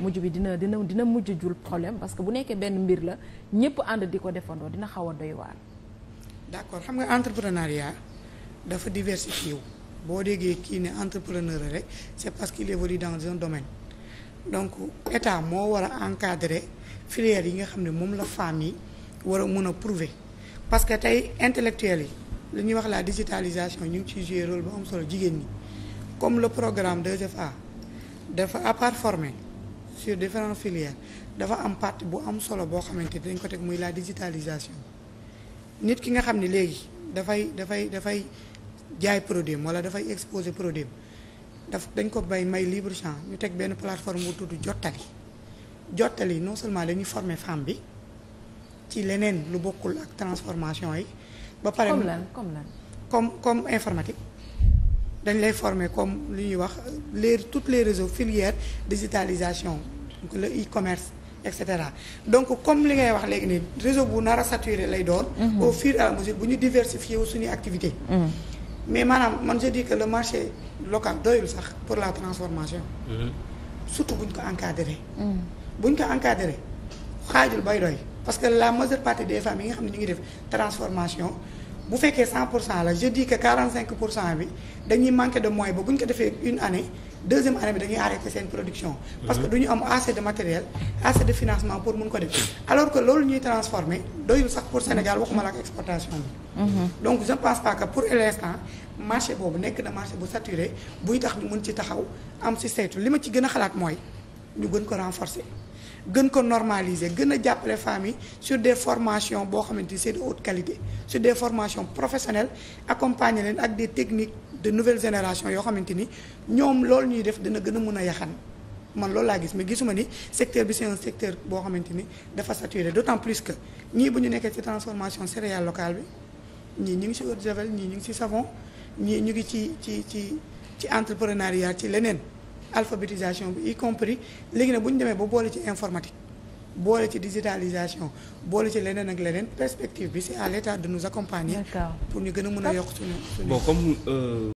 mujj bi dina dina dina mujj jul problème parce que bu nekkee benn mbir la ñëpp ànd di ko defandoo dina xaw a doy waar. d'accord xam nga entrepreneuriat dafa diversifié wu boo déggee kii ne entrepreneur rek c'est parce qu'il évolue dans un domaine donc état moo war a encadrer yi nga xam ne moom la femme yi war a mën a prouver parce que tey intellectuels yi li ñuy wax la digitalisation ñu ci ciy jouer rôle am solo jigéen ñi comme le programme 2FA dafa appart part sur différentes filières dafa am partie bu am solo boo xamante dañ ko teg muy la digitalisation nit ki nga xam ni léegi dafay dafay dafay jaay produit wala dafay exposer produit daf dañ ko bay may libre champ ñu teg benn plateforme bu tudd jottali jottali non seulement dañuy forme femme bi ci leneen lu bokkul ak transformation yi. ba pare comme comme lan. comme comme informatique. dañ lay former comme li ñuy wax les toutes les réseaux filières digitalisation donc le commerce et cetera donc comme li ngay wax léegi nii réseau bu nar a saturé lay doon. Mhm. au fur et à mesure bu ñu diversifier wu suñuy activité mhm. mais maanaam man je dis que le marché local doyul sax pour la transformation. Mhm. surtout bu ñu ko encadré. bu ñu ko encadré xaajul bay doy parce que la majeure partie des femmes yi nga xam ne ñu ngi def transformation. bu fekkee 100 cent la je dis que 45 pour cent bi dañuy manqué de moyens ba bu ñu ko defee une année deuxième année bi dañuy arrêté seen production. parce que mhm. du ñu am assez de matériel assez de financement pour mun ko def. alors que loolu ñuy transformer doyul sax pour Sénégal waxuma la ak exportation bi. Mhm. donc je pense pas que pour l'instant marché boobu nekk na marché bu saturé buy tax ñu mun ci taxaw am si saytu li ma ci gën a xalaat mooy ñu gën ko renforcer. gën ko normaliser gën a jàppale femmes yi sur des formation boo xamante ni c'est de haute qualité sur des formation professionnelles accompagner leen ak de technique de nouvelle génération yoo xamante ni ñoom loolu ñuy def dina gën a mën a yaxan man loolu laa gis mais gisuma ni secteur bi c'est secteur boo xamante ni dafa de d'autant plus que ñii bu ñu nekkee ci transformation céréale locale bi ñii ñu ngi ci eau de ñii ñu ngi ci savon ñii ñu ngi ci ci ci ci entrepreneuriat ci leneen alphabétisation bi y compris léegi nag bu ñu demee ba boole ci informatique boole ci digitalisation boole ci leneen ak leneen perspective bi c'est à l'état de nous accompagner pour ñu gën a mën a yokk suñu bon comme euh,